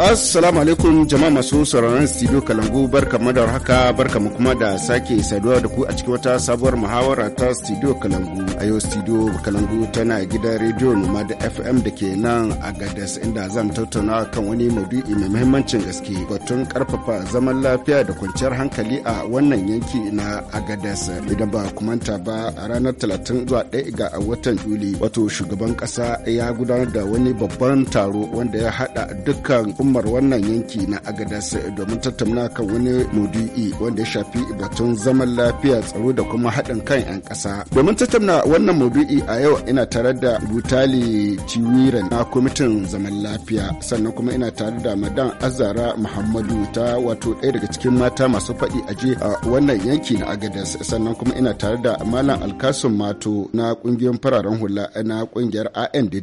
Assalamu alaikum jama'a masu sauraron studio Kalangu barkamu da haka barka mu kuma da sake saduwa da ku a cikin wata sabuwar muhawara ta studio Kalangu. ayo studio Kalangu tana gidan rediyo Nomad FM da ke nan a Gadas inda zan tattauna kan wani maudu'i mai muhimmancin gaske batun karfafa zaman lafiya da kwanciyar hankali a wannan yanki na Agadas. Idan ba manta ba a ranar 30 zuwa 1 ga watan yuli wato shugaban kasa ya gudanar da wani babban taro wanda ya hada dukkan al'ummar wannan yanki na agadas domin tattauna kan wani maudu'i wanda ya shafi batun zaman lafiya tsaro da kuma haɗin kan 'yan ƙasa domin tattauna wannan maudu'i a yau ina tare da butali ciwiran na kwamitin zaman lafiya sannan kuma ina tare da madan azara muhammadu ta wato ɗaya daga cikin mata masu faɗi a je a wannan yanki na agadas sannan kuma ina tare da malam alkasun mato na ƙungiyar fararen hula na ƙungiyar andh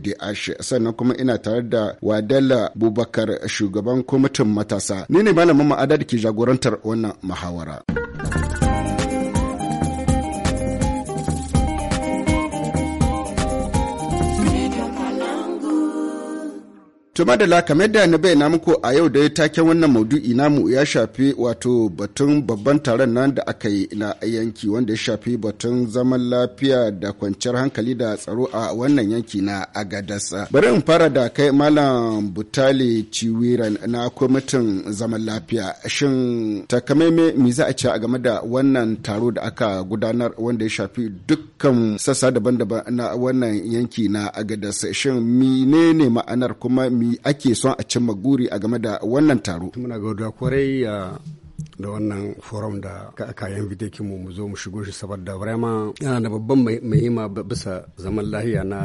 sannan kuma ina tare da wadala bubakar shugaban kwamitin matasa. ne ne malamin ma'ada da ke jagorantar wannan muhawara. Tuma da la kamar da na bayyana muku a yau da taken wannan maudu'i namu ya shafi wato batun babban taron nan da aka yi na yanki wanda ya shafi batun zaman lafiya da kwanciyar hankali da tsaro a wannan yanki na Agadasa. Bari in fara da kai Malam Butali Ciwiran na kwamitin zaman lafiya. Shin takamaime me za a ce a game da wannan taro da aka gudanar wanda ya shafi dukkan sassa daban-daban na wannan yanki na Agadasa. Shin menene ma'anar kuma ake son a cimma guri a game da wannan taro. Muna kwarai uh, da wannan forum da kayan bidiyokin mu mu zo mu shigo shi saboda vraiment yana da babban muhimma bisa zaman lahiya na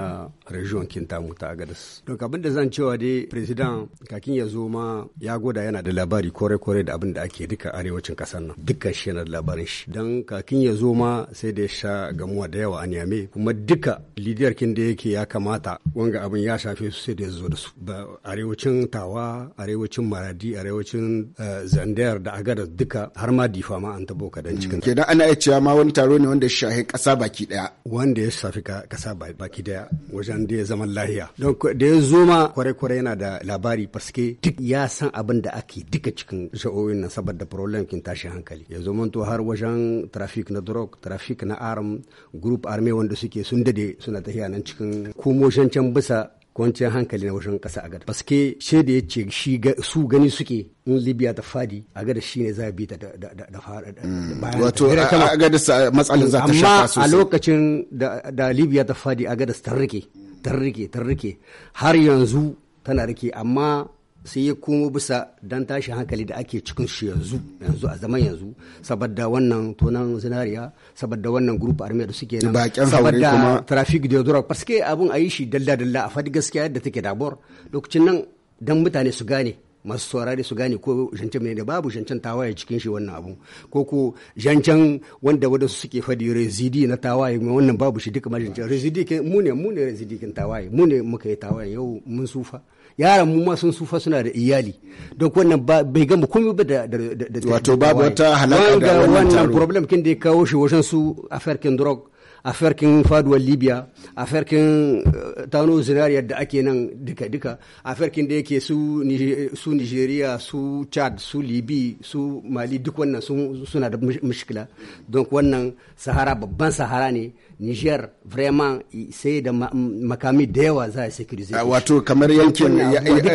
region kintamu ta agadas don abin da zan cewa dai president kakin ya zo ma ya goda yana da labari kore kore da abin da ake duka arewacin kasar nan duka shi yana da labarin shi don kakin ya zo ma sai da ya sha gamuwa da yawa a niyame kuma duka leader kin da yake ya kamata wanga abin ya shafe su sai da ya zo da su arewacin tawa arewacin maradi arewacin eh, zandayar da agadas da duka har ma difa ma an tabo kadan cikin. Mm, kenan ana iya cewa ma wani taro ne wanda ya shafi ƙasa baki daya Wanda ya safi kasa baki daya wajen da ya zama lahiya. Don da ya zo ma kwarai-kwarai yana da labari paske duk ya san abin da ake duka cikin sha'o'in nan saboda problem kin tashi hankali. Ya zo to har wajen traffic na drug, traffic na arm, group army wanda suke sun dade suna tafiya nan cikin komoshin can bisa kwanciyar hankali na wajen ƙasa a gada baske shi da ya ce shi su gani suke in libya ta fadi a gada shi ne za a bi ta da bayan a gada matsalin za ta shafa sosai amma a lokacin da libya ta fadi a gada ta rike ta rike ta rike har yanzu tana rike amma sai ya komo bisa dan tashi hankali da ake cikin shi yanzu yanzu a zaman yanzu saboda wannan tonan zinariya saboda wannan group army da suke nan saboda traffic da dora paske abun a yi shi dalla dalla a fadi gaskiya yadda take dabor lokacin nan dan mutane su gane masu saurari su gane ko zancen mai da babu zancen tawaye cikin shi wannan abu ko ko zancen wanda wanda suke fadi rezidi na tawaye mai wannan babu shi duka ma rezidi mu ne mu ne rezidi kin tawaye mu ne muka yi tawaye yau mun sufa yaran mu ma sun sufa suna da iyali don wannan bai gama komai ba da wato babu wata halaka da wannan problem kin da ya kawo shi wajen su afirkin drug afirkin faduwar libya afirkin eh, tano zinariya da ake nan duka duka afirkin da yake su nigeria su chad su libi su mali duk wannan suna da mushkila don wannan sahara babban sahara ne Niger vraiment sai da makami da yawa za a securize ah, wato kamar yankin eh, eh,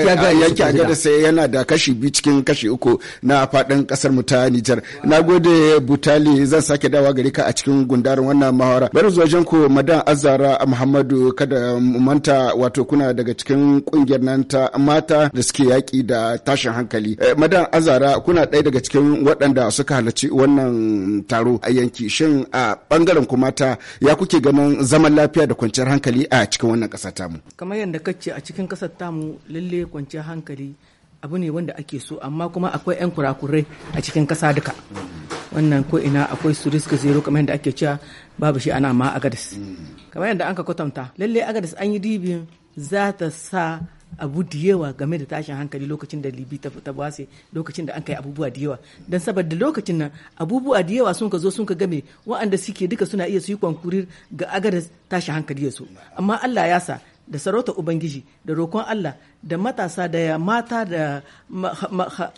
yankin sai eh, yana da kashi biyu cikin kashi uku na faɗin kasar mu ta Niger na gode Butali zan sake dawa gari ka a cikin gundarin wannan mahawara bari zuwa jan ku madan Azara Muhammadu kada manta wato kuna daga cikin kungiyar nan ta mata da suke yaki da tashin hankali madan Azara kuna ɗaya daga cikin waɗanda suka halarci wannan taro a yanki shin a bangaren ku mata ya kuke ganin zaman lafiya da kwanciyar hankali a cikin wannan ƙasa tamu kamar yadda kace a cikin ƙasar tamu lalle kwanciyar hankali abu ne wanda ake so amma kuma akwai 'yan kurakurai a cikin ƙasa duka wannan ko ina akwai su risk zero kamar yadda ake cewa babu shi ana ma agadis mm. kamar yadda an ka kwatanta lalle agadis an yi dibin za ta sa abu da yawa game da tashin hankali lokacin da libi ta ta lokacin da an kai abubuwa da yawa dan saboda lokacin nan abubuwa da yawa sun ka zo sun ka game waɗanda suke duka suna iya su yi kwankurir ga agada tashin hankali ya su amma Allah ya sa da sarauta ubangiji da roƙon Allah da matasa da mata da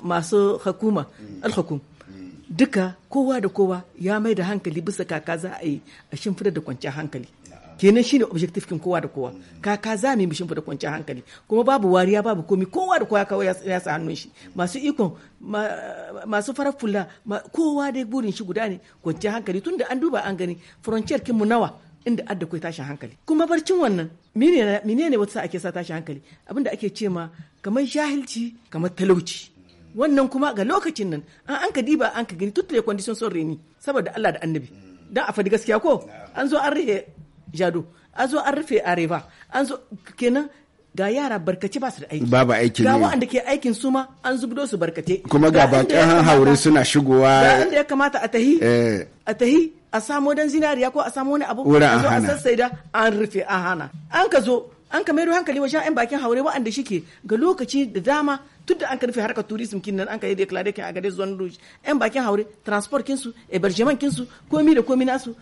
masu hukuma alhukum duka kowa da kowa ya mai da hankali bisa kaka za a yi a shimfida da kwanciyar hankali kenan shine objective kin kowa da kowa ka ka za mu mishin da kwanciyar hankali kuma babu wariya babu komi kowa da kowa kawai ya sa hannun shi masu ikon masu farar fulla kowa da burin shi guda ne kwanciyar hankali tunda an duba an gani frontier kin mu nawa inda adda kai tashin hankali kuma barcin wannan menene ne wata sa ake sa tashin hankali abinda ake ce ma kamar jahilci kamar talauci wannan kuma ga lokacin nan an an ka diba an ka gani tuttule condition son reni saboda Allah da annabi dan a faɗi gaskiya ko an zo an rike jado an zo an rufe areba an zo kenan ga yara barkace ba su da aiki babu aiki ga wanda ke aikin su ma an zubdo su barkace kuma ga bakin haure suna shigowa ga inda ya kamata a tahi eh. a tahi a samo dan zinariya ko a samo wani abu a zo a saida an rufe an hana an ka zo an ka maido hankali wajen 'yan bakin haure wa'anda shike ga lokaci da dama tun da an ka rufe harkar tourism kin nan an ka yi declare kin a gare zuwan rouge 'yan bakin haure transport kin su hébergement kin su komi da komi nasu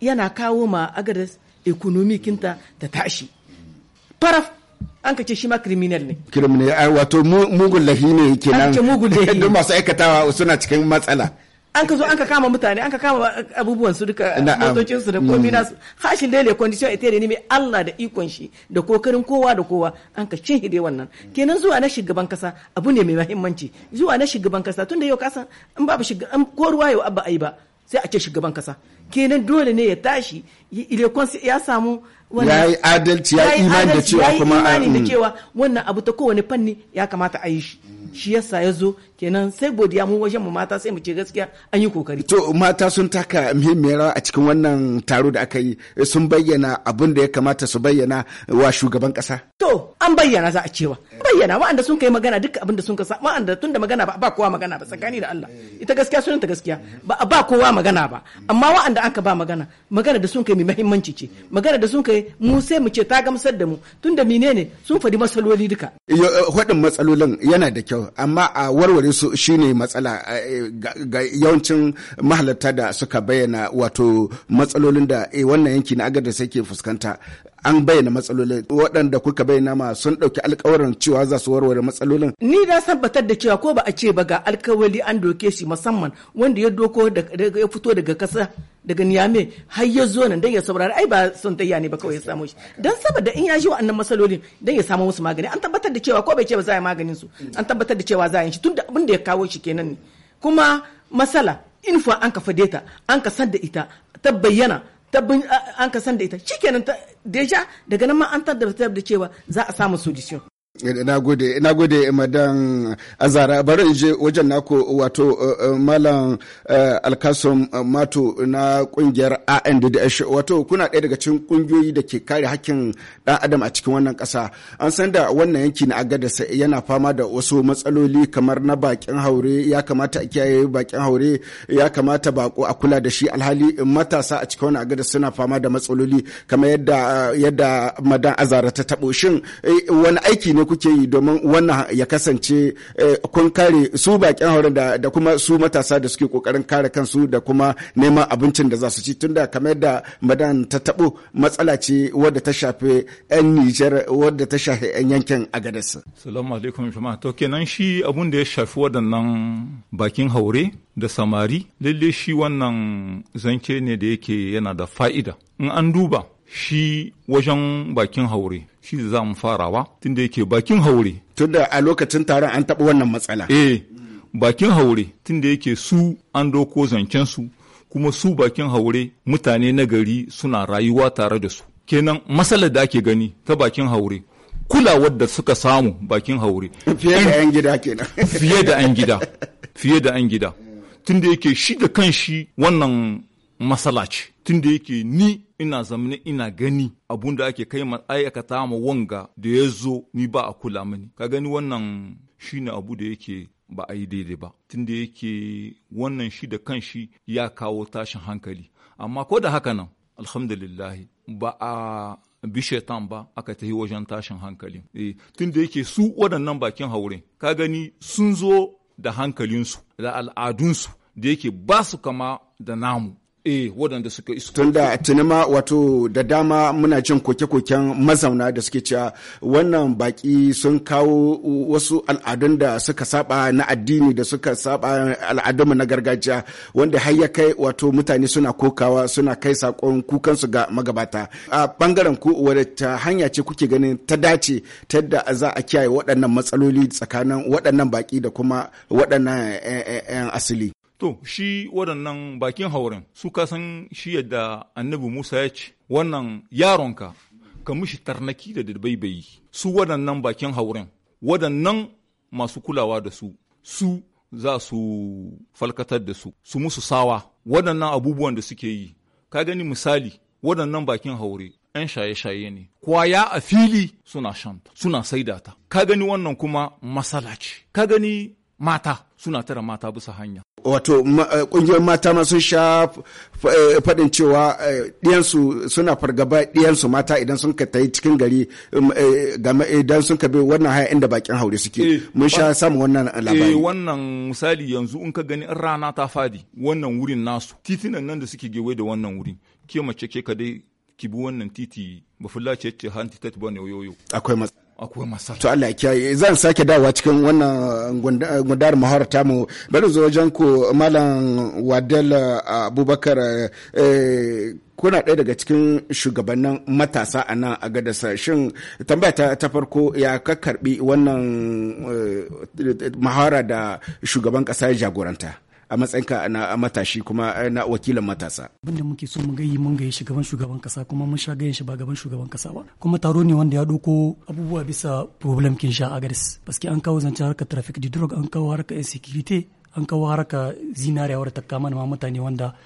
yana kawo ma agadas ekonomikinta ta tashi faraf an ka ce shi ma criminal ne criminal wato mugun lahi ne kenan an ce don masu aikatawa suna cikin matsala an ka zo an ka kama mutane an ka kama abubuwan su duka motocin su da komai mm. nasu hashin dai le condition ita ne mai Allah da ikon shi da kokarin kowa da kowa an ka cin hide wannan kenan zuwa na shugaban kasa abu ne mai muhimmanci zuwa na shugaban kasa tunda yau kasan in babu shugaban ko ruwa yau abba ai ba sai a ce shugaban kasa kenan dole ne ya tashi ya samu ya yi adalci ya imani da cewa kuma a da mm. cewa wannan abu ta kowane fanni ya kamata a yi shi shi yasa ya zo kenan sai godiya mu wajen mu mata sai mu ce gaskiya an yi kokari to mata sun taka muhimmiyar rawa a cikin wannan taro da aka yi sun bayyana abin da ya kamata su bayyana wa shugaban kasa to an bayyana za a cewa bayyana wa'anda sun kai magana duk abin da sun kasa wa'anda tun da magana ba ba kowa magana ba tsakani da Allah ita gaskiya sunan ta gaskiya ba ba kowa magana ba amma wa'anda aka ba magana magana da sun kai mai muhimmanci ce magana da sun kai mu sai mu ce ta gamsar da mu tun da menene sun fadi matsaloli duka hudun eh, matsalolin yana da kyau amma a warware su shine matsala eh, ga yawancin mahalarta da suka bayyana wato matsalolin da eh, wannan yanki na da sai ke fuskanta an bayyana matsalolin waɗanda kuka bayyana ma sun ɗauki alkawarin cewa za su warware matsalolin. Ni na tabbatar da cewa ko ba a ce ba ga alkawali an doke shi musamman wanda ya doko ya fito daga ƙasa daga niyame har ya zo nan don ya saurari ai ba son tayya ne ba kawai ya samu shi don saboda in ya ji wa'annan matsalolin don ya samu musu magani an tabbatar da cewa ko bai ce ba za a yi maganin su an tabbatar da cewa za a yi shi da abin da ya kawo shi kenan ne kuma masala in fa an ka fade an ka san da ita ta bayyana ta bin an ka san da ita shikenan deja daga nan ma an tattara da cewa za a samu solution na gode na gode eh, madan azara bari in je wajen naku wato eh, eh, malam alkasum mato na kungiyar andh wato kuna ɗaya daga cikin kungiyoyi da ke kare hakkin ɗan adam a cikin wannan ƙasa an san da wannan yanki na agadas yana fama da wasu matsaloli kamar na bakin haure ya kamata a kiyaye bakin haure ya kamata bako a kula da shi alhali matasa a cikin wannan agadar suna fama da matsaloli kamar yadda yadda madan azara ta taɓo shin wani aiki ne kuke yi domin wannan ya kasance eh, kun kare su bakin hauren da kuma su matasa da suke kokarin kare kansu da kuma neman abincin da za su ci tunda kamar da madan ta tabo matsala ce wadda ta shafi 'yan Nijar wadda ta shafi 'yan yankin Agadez. Salamu alaikum jama'a. To kenan shi abun da ya shafi wadannan bakin haure da samari lalle shi wannan zance ne da yake yana da fa'ida. In an duba shi wajen bakin haure shi da za mu farawa tunda yake bakin haure tunda a lokacin taron an taɓa wannan matsala eh bakin haure tunda yake su an doko zancen su kuma su bakin haure mutane na gari suna rayuwa tare da su kenan matsalar da ake gani ta bakin haure kulawar da suka samu bakin haure fiye da yan gida kenan fiye da an gida fiye da yan gida tunda yake shi da kanshi wannan matsala ce tunda yake ni ina zamani ina gani abun da ake kai aikata ma wanga da ya zo ni ba a kula mini ka gani wannan shi ne abu da yake ba a yi daidai ba tunda yake wannan shi da shi ya kawo tashin hankali amma ko da haka nan alhamdulillahi ba a bi shaitan ba aka tahi wajen tashin hankali e, eh, tunda yake su waɗannan bakin haure ka gani sun zo da hankalinsu da al'adunsu da yake ba su kama da namu eh waɗanda suka isko tunda tunima wato da dama muna jin koke-koken mazauna da suke cewa wannan baki sun kawo wasu al'adun da suka saba na addini da suka saba al'adunmu na gargajiya wanda har ya kai wato mutane suna kokawa suna kai sakon kukansu ga magabata a bangaren ku wadata hanya ce kuke ganin ta dace ta yadda za a kiyaye waɗannan matsaloli tsakanin waɗannan baki da kuma waɗannan eh, eh, eh, asali. To, shi waɗannan bakin hauren su kasan shi yadda annabi Musa ya ce, wannan yaronka, ka mishi tarnaki da dabaibayi, su waɗannan bakin hauren, waɗannan masu kulawa da su, su za su falkatar da su, su musu sawa, waɗannan abubuwan da suke yi. Ka gani misali, waɗannan bakin haure, 'yan shaye-shaye ne, kwaya a fili suna shanta, suna saidata. Ka gani wannan kuma masala ce, ka gani mata. suna tara mata bisa hanya wato kungiyar eh, mata ma sun sha eh, faɗin cewa eh, ɗiyansu suna fargaba ɗiyansu mata idan sun ka ta cikin gari um, idan sun ka bi wannan haya inda bakin haure suke mun sha samun wannan labari wannan misali yanzu in ka gani in rana ta fadi wannan wurin nasu titunan nan da suke gewe da wannan wurin ke mace ke ka dai ki bi wannan titi ba fulla ce ce hanti ta ba ne yoyo akwai matsala akwai masar. To Allah zan sake dawowa cikin wannan gundar muhawar tamu bari zo wajen ku malam wadal uh, Abubakar uh, eh, kuna ɗaya daga cikin shugabannin matasa a nan a gada shin tambaya ta farko ya ka karbi wannan uh, eh, muhawara da shugaban ƙasa ya jagoranta. a matsayinka na matashi kuma eh, na wakilan matasa abinda muke so mu yi mun gayi shugaban shugaban kasa kuma mun sha gayin shi ba gaban shugaban kasa ba kuma taro ne wanda ya doko abubuwa bisa problem kin sha a garis paske an kawo zancen harkar traffic di drug an kawo harkar insecurity an kawo harkar zinariya wadda ta kama ma mutane wanda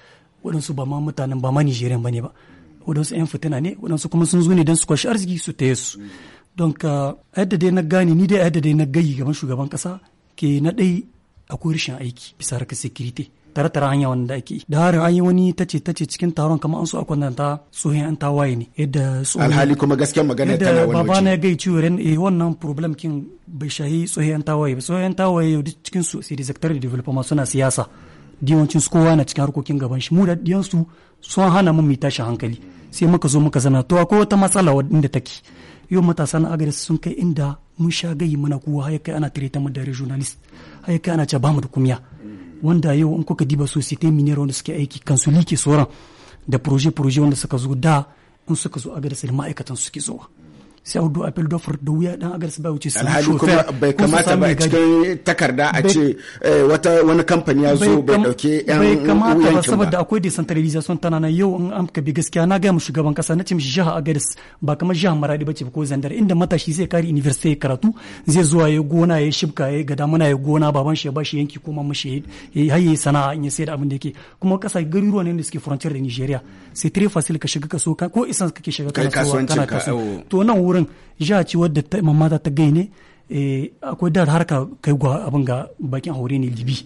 waɗansu ba ma mutanen ba ma ba ne ba waɗansu 'yan fitina ne waɗansu kuma sun zo ne don su kwashi arziki su taya su don ka yadda dai na gane ni dai yadda dai na gayi gaban shugaban kasa ke na ɗai akwai rashin aiki bisa harkar security tare tare hanya wanda ake da harin an yi wani tace tace cikin taron kamar an so a kwantanta tsohon an tawaye ne yadda alhali kuma gaskiyar magana tana wani babana ya gai ciwo ren eh wannan problem kin bai shahi tsohon an tawaye ba tsohon an tawaye yau duk cikin su sai da sector development suna siyasa diwancin su kowa na cikin harkokin gaban shi mu da diyan su sun hana mu mu tashi hankali sai muka zo muka zana to akwai wata matsala wadda take yau matasa na agaris sun kai inda mun sha gayi mana kuwa haya kai ana tireta mu da regionalist haya kai ana ce ba mu da kumya wanda yau in kuka diba societe minera wanda suke aiki kansu like sauran da proje proje wanda suka zo da in suka zo a gada sai ma'aikatan suke zuwa sai a hudu apel dofar da wuya dan agaris ba wuce sai alhali kuma bai kamata ba cikin takarda a ce eh, wata wani kamfani ya zo bai dauke yan bai kamata ba saboda akwai decentralization tana nan yau an an bi gaskiya na ga mu shugaban kasa na ce mishi jaha agaris ba kamar jihar maradi bace ko zandar inda matashi zai kare university ya karatu zai zuwa ya gona ya shibka ya gada mana ya gona baban shi ya bashi yanki kuma mishi ya yi sana'a in ya sayar da abin da yake kuma kasa gariruwa ne da suke frontier da Nigeria sai très facile ka shiga kaso ko isan kake shiga kana kaso to nan wurin jiha ci wadda ta ta gai ne eh, akwai da harka kai gwa abin ga bakin haure ne libi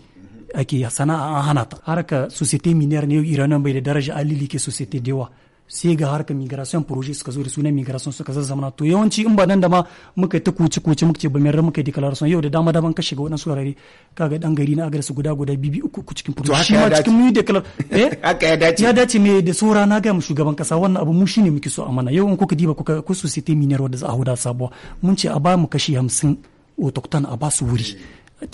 ake sana'a an hana ta harka societe miniyar ne iranian bai da daraja alili ke societe dewa sai ga harkar migration proje suka zo da sunan migration suka zazzamana to yawanci in ba nan da ma muka ta kuci kuci muka ce bamirra muka yi declaration yau da dama daban ka shiga waɗansu wurare kaga dan gari na agar su guda guda bibi uku ku cikin proje shi ma cikin mu declaration eh haka ya dace ya dace me da sora na ga mu shugaban kasa wannan abu mu shine muke so amana yau in kuka diba kuka ku su site nerwa da za a huda sabuwa mun ce a ba mu kashi 50 autochton a ba su wuri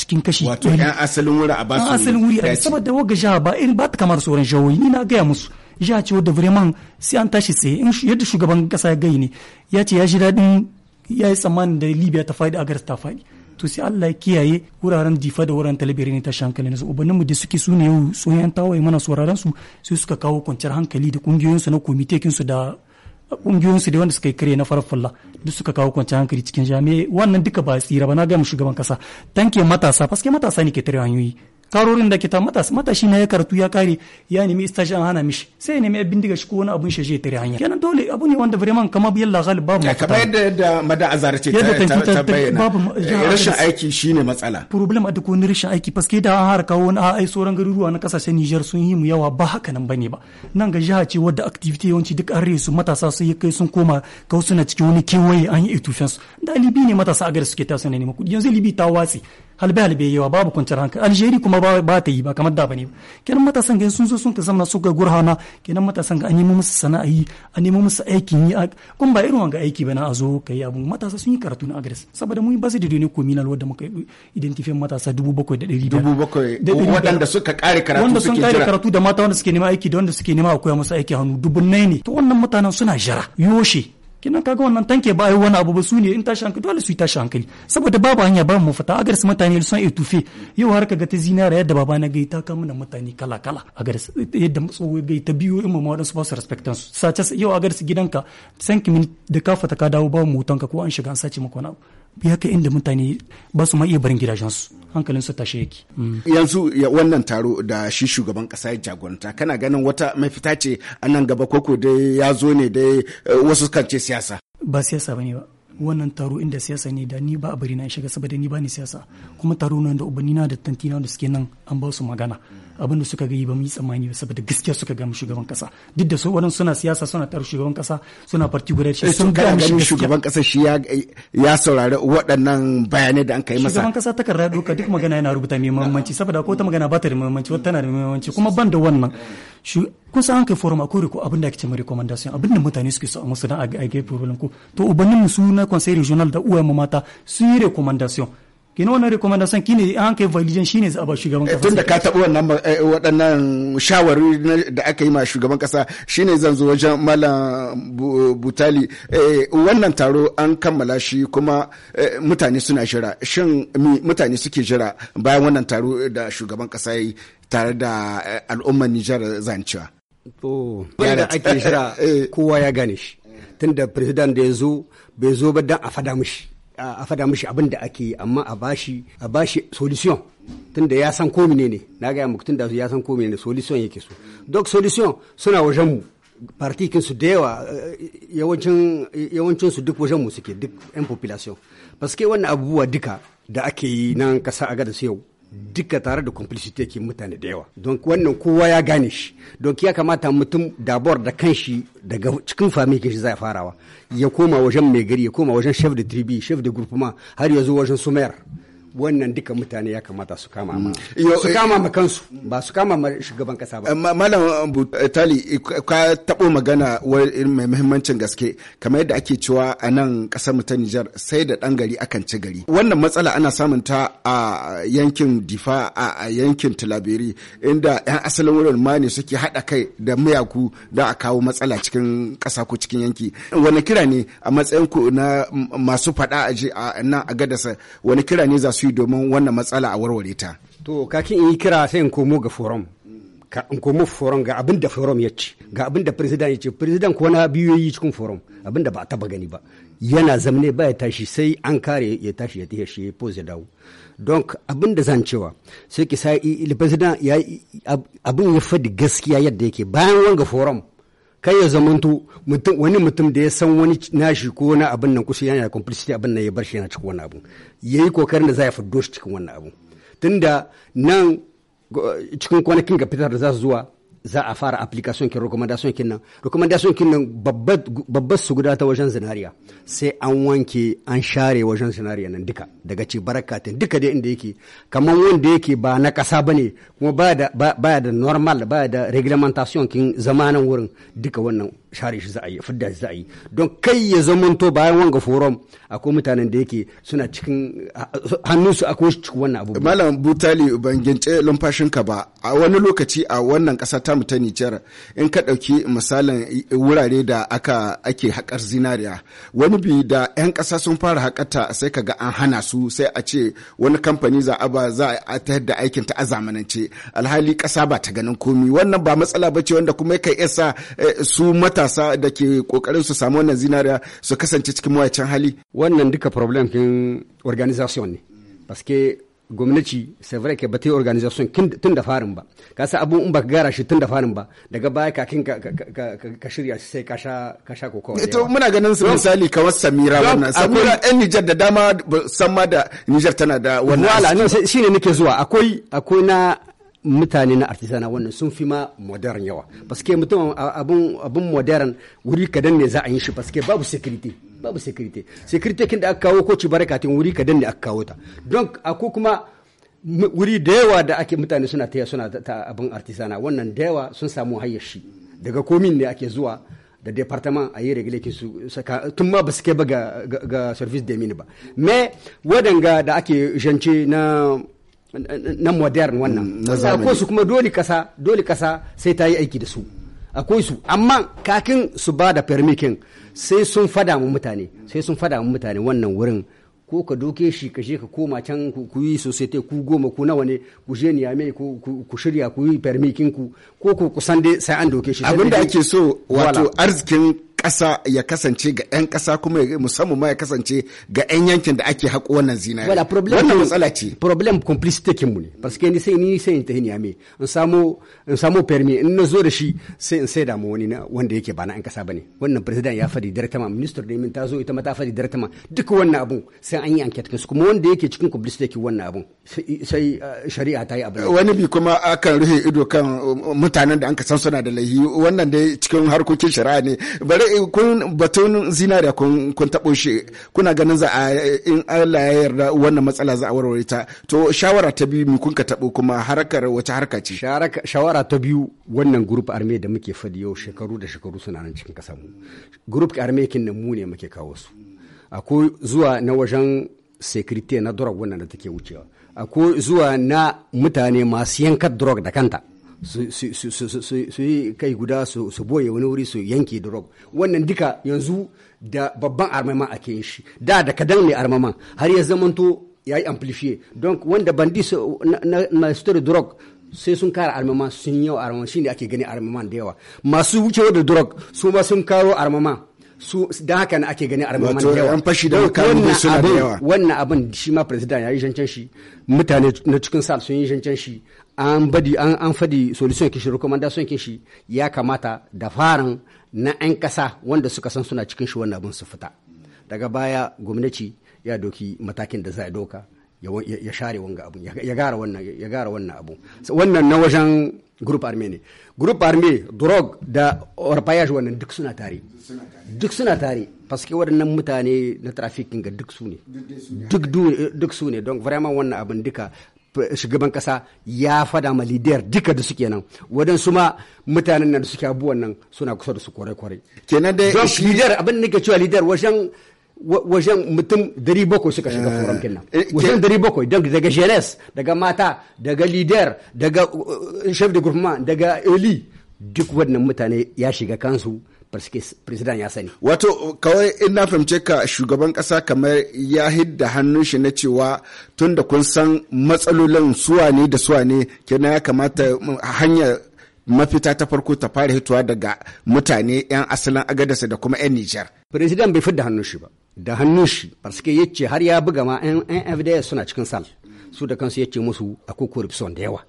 cikin kashi wato ɗan asalin wuri a ba su wuri asalin wuri saboda waga jiha ba in ba ta kamar sauran jihohi na gaya musu ya ce wadda vraiment sai an tashi tsaye yadda shugaban kasa ya gai ne ya ce ya ji daɗin ya yi tsammanin da libya ta faɗi agar ta faɗi to sai Allah ya kiyaye wuraren difa da wuraren talabiri ne ta shankali na ubannin mu da suke su ne yau tawaye mana sauraron su sai suka kawo kwanciyar hankali da kungiyoyinsu na komitekinsu da su da wanda suka yi kare na farfalla duk suka kawo kwanciyar hankali cikin jami'ai wannan duka ba tsira ba na gaya mu shugaban kasa tanke matasa paske matasa ne ke tare hanyoyi karorin da ke ta matashi na ya karatu ya kare ya nemi stage an hana mishi sai ya nemi abin diga shi ko wani abun shi je tare hanya kenan dole abu ne wanda vraiment kamar biyan lagal babu mafita kamar yadda yadda mada azara ce ta bayyana babu eh, rashin aiki shine matsala problem a duk wani rashin aiki paske da an har kawo wani ai sauran garuruwa na kasashen Niger sun yi mu yawa ba haka nan bane ba nan ga jiha ce wadda activity yawanci duk an su matasa sun yi kai sun koma kau suna cikin wani kewaye an yi etufen su da libi ne matasa agar suke ta suna neman kuɗi yanzu libi ta watsi bai yi yawa babu kwanciyar hankali aljeri kuma ba ta yi ba kamar da bane kenan matasan ga sun zo sun ta zamana su ga gurhana kenan matasan ga an yi musu sana'a yi an nemo musu aikin yi kun ba irin wanga aiki na a zo kai abu matasa sun yi karatu na agres saboda mun ba su da dole communal wanda muka identify matasa 7700 waɗanda suka kare karatu wanda sun kare karatu da mata wanda suke nema aiki da wanda suke nema akwai musu aiki hannu nai ne to wannan mutanen suna jara yoshe kina kaga wannan tanke ba yi wani abu ba su ne in tashi hankali dole su yi tashi hankali saboda babu hanya ba mu fita agar su mutane sun yi tufe yau har kaga ta zinara yadda baba na gai ta mana mutane kala kala agar yadda matso gai ta biyo in mu wadansu ba su respectan su sace yau agar su gidanka san kimin da ka fata ka dawo ba mu hutanka ko an shiga an sace maka wani abu ya kai inda mutane ba su ma iya barin gidajensu hankalin su tashe yake. Mm. yanzu wannan taro da shi shugaban kasa ya jagoranta kana ganin wata mafita ce a nan gaba koko dai ya zo ne dai eh, wasu kan ce siyasa. ba siyasa ba ne ba wannan taro inda siyasa ne da ni ba a bari na shiga saboda ni ba ni siyasa kuma taro nan da ubanni na da tantina da suke nan an ba su magana abin da suka gayi ba mu yi tsammani ba saboda gaskiya suka gamu shugaban kasa duk da su wadan suna siyasa suna taro shugaban kasa suna farti guda shi sun ga ganin shugaban kasa shi ya ya saurari waɗannan bayanai da an kai masa shugaban kasa ta karra doka duk magana yana rubuta mai muhimmanci saboda ko ta magana ba ta da muhimmanci wata tana da muhimmanci kuma ban da wannan shi kun san an kai forum akwai ko abin da ake cewa recommendation abin da mutane suke so a musu dan a ga problem ko to ubannin mu su na conseil regional da uwa mu mata su yi recommendation kina wannan recommendation kine an kai validation shine za a ba shugaban eh, kasa tunda ka taɓa wannan eh, waɗannan shawari da aka yi ma shugaban kasa shine zan zo wajen malam butali eh, wannan taro an kammala shi kuma mutane suna jira shin mutane suke jira bayan wannan taro da shugaban kasa yi tare da eh, al'ummar Nijar zancewa. To, da ake shira eh. kowa ya gane shi, da president da ya zo bai zo ba don a fada mishi. a fada mishi abin da ake yi amma a bashi a bashi solution da ya san ko ne na gaya muku tun da ya san ko ne solution yake so dok solution suna wajen mu parti su da yawa eh, yawancin yawancin su duk wajen mu suke duk yan population parce que wannan abubuwa duka da ake yi nan kasa a gada su yau duka tare da complicity ke mutane da yawa don wannan kowa ya gane shi don ya kamata mutum dabuwar da kanshi daga cikin fami ke shi zai farawa ya koma wajen mai gari ya koma wajen chef de tribu chef de groupement har ya zo wajen sumayar wannan duka mutane ya kamata su kama ma mm. su eh, kama ma kansu ba su kama ma shugaban kasa ba malam eh, tali eh, ka tabo magana mai muhimmancin gaske kamar yadda ake cewa a nan kasar mu ta Nijar sai da dan gari akan ci gari wannan matsala ana samun ta a yankin Difa a yankin Tilaberi inda yan asalin wurin ma ne suke hada kai da miyaku da a kawo matsala cikin kasa ko cikin yanki wani kira ne a matsayin ku na masu fada a nan a gadasa wani kira ne za su su domin wannan matsala a warware ta. To kakin in yi kira sai in komo ga forum. Ka in komo forum ga abin da forum ya ce ga abin da president ya ce president kuwa na biyu yi cikin forum abin da ba a taba gani ba yana zamne ba ya tashi sai an kare ya tashi ya tashi ya pose ya dawo. Don abin da zan cewa sai ki sai president ya abin ya fadi gaskiya yadda yake bayan wanga forum kai ya zamanto mutum wani mutum da ya san wani nashi ko wani abin nan kusa yana a complicity abin nan ya bar shi yana cikin wani abu yayi kokarin da za ya fiddo shi cikin wannan abu tunda nan cikin kwanakin ga fitar da za su zuwa za a fara application kin recommendation kin nan recommendation kin nan babbar su guda ta wajen zinariya sai an wanke an share wajen zinariya nan duka daga ci baraka barakatin duka dai inda yake kamar wanda yake ba na kasa bane kuma baya da baya da normal baya da reglementation kin zamanin wurin duka wannan share shi za a yi fidda shi za a yi don kai ya zamanto bayan wanga forum akwai mutanen da yake suna cikin hannunsu akwai shi cikin wannan abu malam butali ban gince ka ba a wani lokaci a wannan kasa ta mu ta Nijar in ka dauki misalin wurare da aka ake haƙar zinariya wani bi da yan kasa sun fara haƙata sai ka ga an hana su sai a ce wani kamfani za a ba za a ta yadda aikin ta a zamanance alhali ƙasa ba ta ganin komi wannan ba matsala ba ce wanda kuma yakan yasa sa eh, su mata matasa da ke kokarin su samu wannan zinariya su kasance cikin mawacin hali wannan duka problem kin organization ne paske gwamnati sai vrai ke bata yi organization tun da farin ba ka sa abun in ka gara shi tun da farin ba daga baya kakin ka shirya shi sai ka sha kokowa eh to muna ganin su misali kamar samira wannan samira yan nijar da dama san ma da nijar tana da wannan wala ne shine nake zuwa akwai akwai na mutane na artisana wannan sun fi ma modern yawa paske mutum abun abun modern wuri kadan ne za a yi shi paske babu security babu security security kin da aka kawo ko ci barakatin wuri kadan ne aka kawo ta don ako kuma wuri da yawa da ake mutane suna taya suna ta abin artisana wannan da yawa sun samu hayyashi daga komin ne ake zuwa da departement a yi regulakin su tun ma ba su kai ba ga, service da mini ba me wadanga da ake jance na na modern wannan mm, akwai su kuma dole kasa dole kasa sai ta yi aiki da su akwai su amma kakin su ba da permikin sai sun fada mu mutane sai sun fada mu mutane wannan wurin ko ka doke shi ka je ka koma can ku yi society ku goma ku nawa ne ku je niyame ku shirya ku yi permikin ku ko ku kusan dai sai an doke shi abinda ake so wato arzikin ƙasa ya kasance ga 'yan ƙasa kuma musamman ma ya kasance ga 'yan yankin da ake haƙo wannan zinari wala problem wannan matsala ce problem complicity kin mu ne parce que ni sai ni sai in tahini ame. in samu in samu permit in na zo da shi sai in sai da mu wani wanda yake ba na 'yan kasa bane wannan president ya fadi directama minister da ta zo ita ma ta fadi directama duk wannan abun sai an yi enquete kansu kuma wanda yake cikin complicity kin wannan abun sai eh, shari'a ta yi abin wani bi kuma akan rufe ido kan um, mutanen da an ka suna da laihi wannan dai cikin harkokin shari'a ne bari Eh, kun batun zinariya kun taɓo shi kuna ganin za a in Allah ya yarda wannan matsala za a warware ta to shawara ta biyu mu kun ka taɓo kuma harkar wace harka ce shawara ta biyu wannan group army da muke fadi yau shekaru da shekaru suna nan cikin kasar mu group army kin nan mu ne muke kawo su akwai zuwa na wajen security na drug wannan da take wucewa akwai zuwa na mutane masu yankar drug da kanta su yi kai guda su boye wani wuri su yanke drop wannan duka yanzu da babban armama ake yin shi da da kadan ne armama har ya zamanto ya yi amplifiye don wanda bandi na story drug sai sun kara armama sun yau armama shine ake gani armama da yawa masu wucewa da drug su ma sun karo armama su da haka na ake gani a mana yawa wannan abin shi ma president ya yi zancen shi mutane na cikin sa sun yi zancen shi an badi an fadi solution kishi recommendation kishi ya kamata da farin na 'yan kasa wanda suka san suna cikin shi wannan abin su fita daga baya gwamnati ya doki matakin da za a doka ya share wanga abun wannan ya gara wannan abu wannan na wajen group armé ne group army drogue da orpayage wannan duk suna tare duk suna tare que waɗannan mutane na trafficking ga duk su ne duk su ne donc vraiment wannan abin duka shugaban kasa ya fada ma leader duka da suke nan su ma mutanen nan da suke abubuwan nan suna kusa da su kore kore kenan dai leader abin da nake cewa leader wajen wajen mutum dari bakwai suka shiga eh, forum kin nan eh, wajen dari bakwai daga jeunesse daga mata daga leader daga uh, uh, chef de groupement daga eli duk wannan mutane ya shiga kansu president ya sani wato kawai in na fahimce ka shugaban kasa kamar ya hidda hannun shi na cewa tun da kun san matsalolin suwa ne da suwa ne kenan ya kamata mm, hanyar mafita ta farko ta fara hitowa daga mutane 'yan asalin agadarsa da kuma 'yan nijar. president bai fidda hannun shi ba. da hannun shi barske ya ce har ya buga ma ɗan FDA suna cikin sal su da kansu ya ce musu akwai corruption da yawa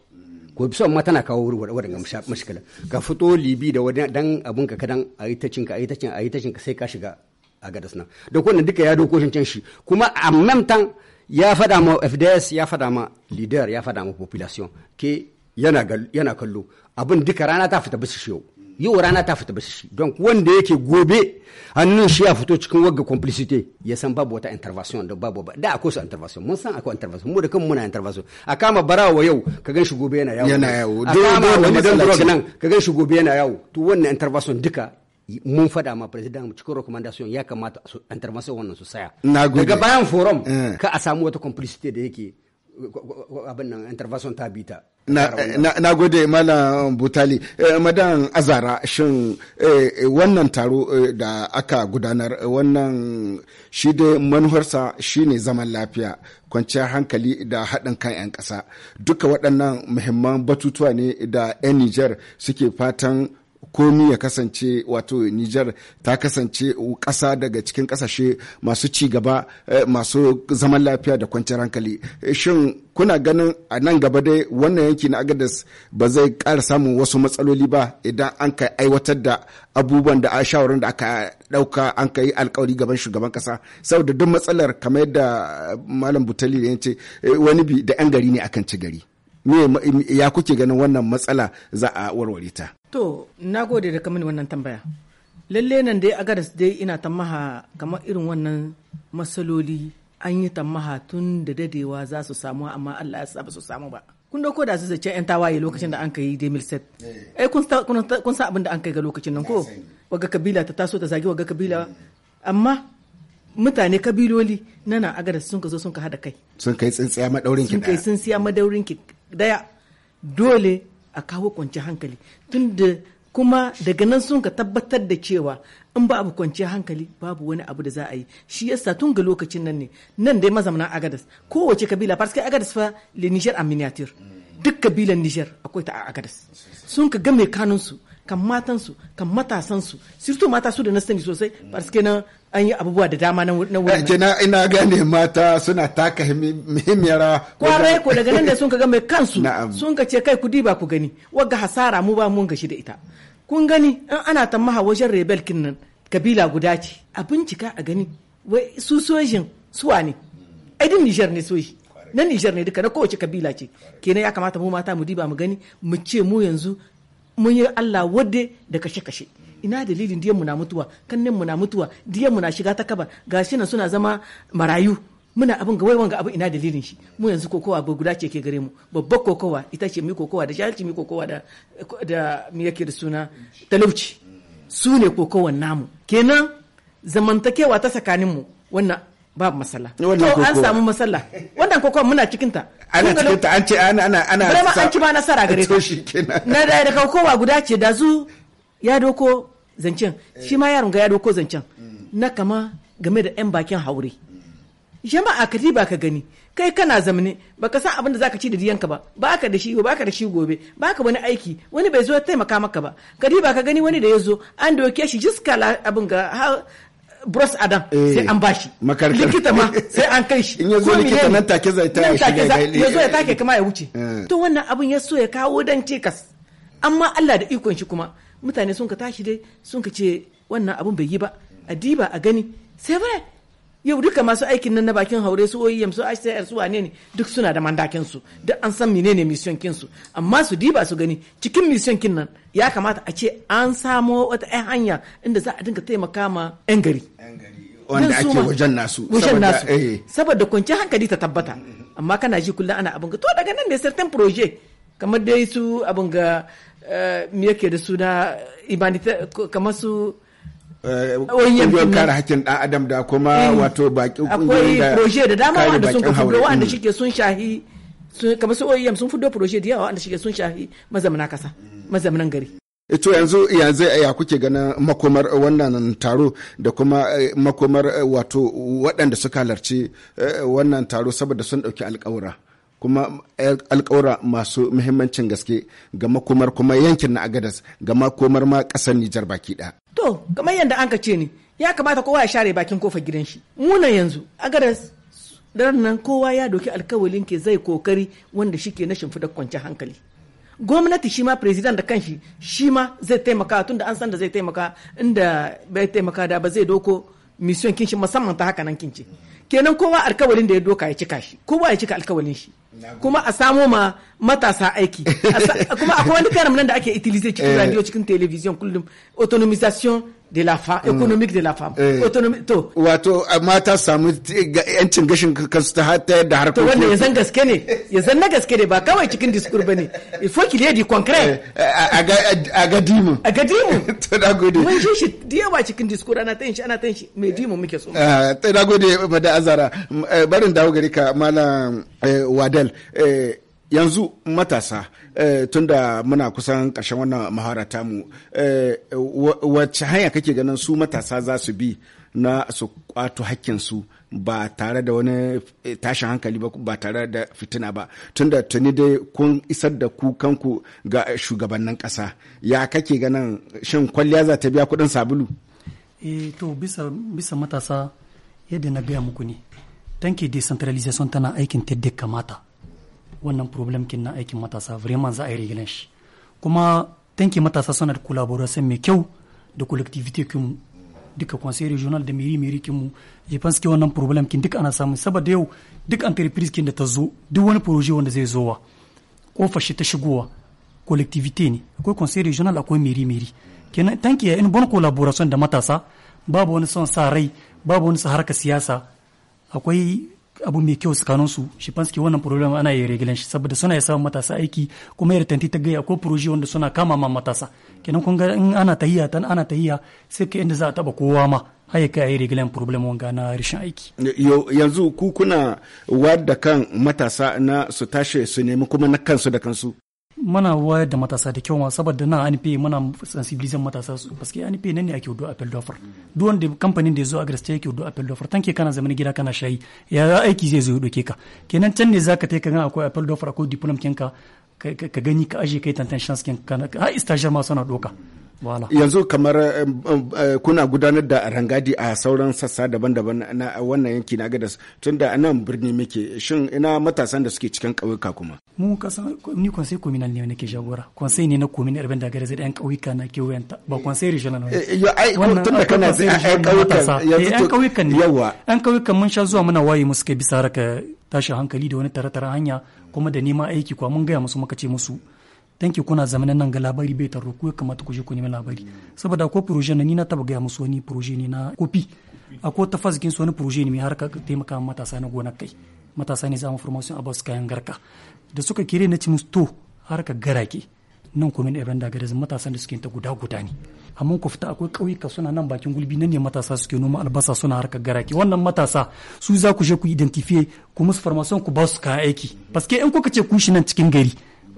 corruption ma tana kawo ga mashikila ka fito libi da wani dan abun ka kadan a yi ta cinka a yi ta cinka a yi ta cinka sai ka shiga a gadas nan da kuma duka ya doko shi shi kuma a mamtan ya fada ma fds ya fada ma leader ya fada ma population ke yana kallo abin duka rana ta fita bisa shi yau yau rana ta fita bisa shi don wanda yake gobe hannun shi ya fito cikin wagga complicité ya san babu wata intervention da babu da akwai su intervention mun san akwai intervention mu da kanmu muna intervention a kama barawa yau ka gan shi gobe yana yawo yana yawo a kama wani dan drug nan ka gan shi gobe yana yawo to wannan intervention duka mun faɗa ma president cikin recommendation ya kamata su intervention wannan su saya daga bayan forum eh. ka a samu wata complicité da yake abin nan intervention ta bita na gode mala butali eh, madan azara shin eh, eh, wannan taro da aka gudanar wannan shi dai manuharsa shine zaman lafiya kwanciyar hankali da haɗin kan 'yan ƙasa duka waɗannan muhimman batutuwa ne da 'yan nijar suke fatan komi ya kasance wato Nijar ta kasance ƙasa daga cikin kasashe masu ci gaba eh, masu zaman lafiya da kwanciyar hankali eh, shin kuna ganin a nan gaba dai wannan yanki na agadas ba zai kara samun wasu matsaloli ba idan an ka aiwatar da abubuwan da shawarar da aka ɗauka an ka yi alkawari gaban shugaban ƙasa saboda duk matsalar kamar yadda malam butali ya ce eh, wani bi da 'yan gari ne akan ci gari me ya kuke ganin wannan matsala za a warware ta to na gode da kamar wannan tambaya lalle nan dai agadas dai ina tamaha kamar irin wannan matsaloli an yi tamaha tun da dadewa za su samu amma Allah ya saba su samu ba kun dauko da su zace yan tawaye lokacin da an kai demil set eh. eh, ai kun sa abin da an kai ga lokacin nan ko waga kabila ta taso ta zagi waga kabila mm. amma mutane kabiloli nana agadas sun ka zo sun ka hada kai sun kai tsintsiya madaurin ki sun kai tsintsiya madaurin ki daya dole a kawo kwanci hankali tunda kuma daga nan sun ka tabbatar da cewa in ba abu kwanci hankali babu wani abu da za a yi shi yasa tun ga lokacin nan ne nan dai mazamanan agadas kowace kabila parce que agadas fa le niger a miniature duk kabilan niger akwai ta a agadas sun ka game kanunsu kan matansu kan matasansu surtout mata su da na sani sosai parce que nan an yi abubuwa da dama na wurin kina ina gane mata suna taka muhimmiyar kwarai ko daga nan da sun ga mai kansu sun ka ce kai kudi ba ku gani wagga hasara mu ba mun gashi da ita kun gani an ana tamaha wajen rebel kin nan kabila guda ce a bincika a gani wai su sojin suwa ne aidin nijar ne soji na Nijar ne duka na kowace kabila ce kenan ya kamata mu mata mu diba mu gani mu ce mu yanzu mun yi Allah wadde da kashe-kashe ina dalilin diyan muna na mutuwa kannen muna mutuwa diyan muna shiga ta kaba Ga shi nan suna zama marayu muna abin ga wanga abin ina dalilin shi mu yanzu kokowa ba guda ce ke gare mu babbar kokowa ita ce mi kokowa da shahalci mi kokowa da da mi yake da suna talauci su ne kokowan namu kenan zamantakewa ta tsakanin mu wannan babu masala to an samu masala wannan koko muna cikin ta ana cikin ta an ce ana ana ana bare ma an ci ma nasara gare ta na da koko kowa guda ce da zu ya doko zancen shi ma yaron ga ya doko zancen na kama game da yan bakin haure jama'a ka ba ka gani kai kana zamane baka san abin da zaka ci da diyanka ba baka da shi baka da shi gobe baka wani aiki wani bai zo ya taimaka maka ba ka ba ka gani wani da ya zo an doke shi jiska abin ga bros adam eh, sai an bashi likita ma sai an kai shi ko likita nan take zai ta shiga gaili yazo ya take kama ya wuce eh. to wannan abin ya so ya kawo dan cikas amma Allah da ikon shi kuma mutane sun ka tashi dai sun ka ce wannan abin bai yi ba a diba a gani sai bare yau duka masu aikin nan na bakin haure su OEM su HCR su wane ne duk suna da mandakin su duk an san menene mission kin su amma su diba su gani cikin mission kin nan ya kamata a ce an samo wata hanya inda za a dinga taimaka ma yan gari wanda ake wajen nasu wajen nasu eh. saboda kwanciyar hankali ta tabbata amma kana ji kullum ana abin ga to daga nan ne certain projet kamar dai su abin ga eh, me yake da suna imanita kamar su ƙungiyar eh, e kare hakkin ɗan adam da kuma wato baƙin ƙungiyoyin da proje da dama wanda sun kafa wanda mm. shike sun shahi kamar su OEM sun fudo proje da yawa wanda shike sun shahi mazamna kasa mazamnan gari ito eh, yanzu yanzu ya kuke ganin makomar eh, wannan taro da kuma eh, makomar wato waɗanda suka halarci wannan taro saboda sun ɗauki alƙawura kuma alƙawura masu muhimmancin gaske ga makomar kuma yankin na agadas ga makomar ma ƙasar nijar baki ɗaya. to kamar yadda an ka ce ne ya kamata kowa ya share bakin kofar gidan shi munan yanzu agadas daren nan kowa ya doki alkawalin ke zai kokari wanda shi ke na shimfidar hankali gwamnati shi ma president da kanshi shi ma zai taimaka tun da an san da zai taimaka inda bai taimaka da ba zai doko mission kinshi musamman ta haka nan kinci kenan kowa alkawarin da ya doka ya cika shi kowa ya cika alkawarin shi kuma a samo ma matasa aiki kuma akwai wani karam nan da ake utilize cikin eh. radio cikin television kullum autonomisation de la femme economic mm. de la femme eh. autonomy to wato eh, mata samu yancin gashin kansu ta yadda harkokin to wanda ya zan gaske ne ya zan na gaske ne ba kawai cikin discours ba ne il faut qu'il y ait du concret eh, a ga dimu a ga dimu to da gode mun ji shi da ba cikin discours ana tanshi ana tanshi me shi dimu muke so to da gode mada azara barin dawo gari ka malam wadal yanzu matasa Eh, tunda muna kusan ƙarshen wannan mahara tamu eh, wacce hanya kake ganin su matasa za su bi na su kwato hakkinsu ba tare da wani eh, tashin hankali ba ba tare da fitina ba tunda tuni dai kun isar da ku kanku ga shugabannin ƙasa ya kake ganin shin kwalliya za ta biya kuɗin sabulu to bisa, matasa yadda na gaya muku ne tanki decentralization tana aikin tadda kamata wannan problem kin na aikin matasa vraiment za a yi rigilan shi kuma tanki matasa suna da collaboration mai kyau da collectivity kin duka conseil regional da miri miri kin mu je pense ki wannan problem kin duka ana samu saboda yau duk entreprise kin da ta zo duk wani projet wanda zai zo wa kofar shi ta shigowa collectivity ne akwai conseil regional akwai miri miri kenan tanki ya in bon collaboration da matasa babu wani son sa rai babu wani sa harka siyasa akwai abu mai kyau tsakanin su shi fanski wannan problem ana yi regilan shi saboda suna yasa matasa aiki kuma yadda tanti ta gaya ko proje wanda suna kama ma matasa kenan kun ga in ana tahiya tan ana tahiya sai ka inda za a taba kowa ma haye ka yi regilan problem wanga na rashin aiki yanzu ku kuna wadda kan matasa na su tashi su nemi kuma na kansu da kansu muna wayar da matasa da kyau saboda na anfi muna sensibilizan matasa su parce que nan ne ake do appel d'offer duk wanda kamfanin da ya zo a gaskiya yake do appel d'offer tanke kana zaman gida kana shayi ya aiki zai zo ya doke ka kenan can ne zaka kai ka ga akwai appel d'offer akwai diploma kinka ka gani ka aje kai tantan chance kinka ha stagiaire ma suna doka yanzu kamar eh, eh, kuna gudanar da rangadi a sauran sassa daban-daban na wannan yanki na gadas tun da nan birni muke shin ina matasan da suke cikin ƙauyuka kuma mu kasan ni konsai communal ne nake jagora conseil ne na communal urban da gadas da yan ƙauyuka na kewayenta ba konsai regional ne eh, yo ai tun da ah, kana zai ai ƙauyuka yanzu ƙauyukan ne yawa yan ƙauyukan mun sha zuwa muna waye musu kai bisa raka tashi hankali da wani tare-tare hanya kuma da neman aiki kuma mun gaya musu muka ce musu danki kuna zamanin nan ga labari bai taro ku kamata ku je ku nemi labari saboda ko proje na ni na taba gaya musu wani proje ne na kofi akwai ta fasikin su wani proje ne mai harka taimaka matasa na gona kai matasa ne mu formation a kayan garka da suka kire na ci musu to harka garake nan komin ɗaban da matasa matasan da suke ta guda guda ne amma ku fita akwai ƙauyuka suna nan bakin gulbi nan ne matasa suke noma albasa suna harka garaki wannan matasa su za ku je ku identifiye ku musu formation ku ba su kayan aiki paske in kuka ce ku shi nan cikin gari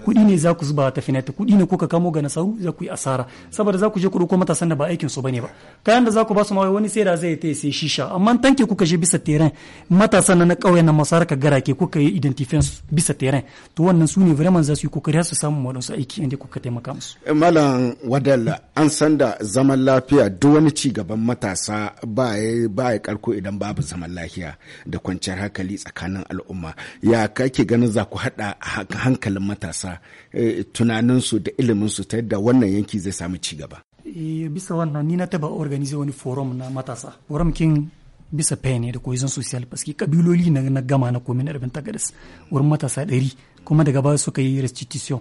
kuɗi ne za ku zuba ta finata kuɗi ne kuka kamo ga nasaru za ku yi asara saboda za ku je ku ɗauko matasan da ba aikin su bane ba kayan da za ku ba su ma wani sai zai ta sai shisha amma tanke kuka je bisa teren matasan na ƙauyen na masu harkar garake kuka yi identifiyan su bisa teren to wannan su ne vraiment za su yi kokari su samu waɗansu aiki inda kuka taimaka musu. Eh, malam wadala an san da zaman lafiya duk wani ci gaban matasa ba ya karko idan babu zaman lafiya da kwanciyar hankali tsakanin al'umma ya kake ganin za ku haɗa hankalin matasa Eh, tunaninsu da iliminsu ta yadda wannan yanki zai samu ci gaba. Eh, bisa wannan ni na taba organize wani forum na matasa forum kin bisa pay ne da cohesion social paski kabiloli na, na gama na komin urban tagadas wurin matasa ɗari kuma daga baya suka yi restitution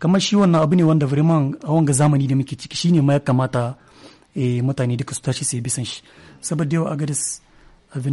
kamar shi wannan abu ne wanda vraiment a wanga zamani da muke ciki shine ma ya kamata eh, mutane duka su tashi yi bisan shi saboda yau a gadas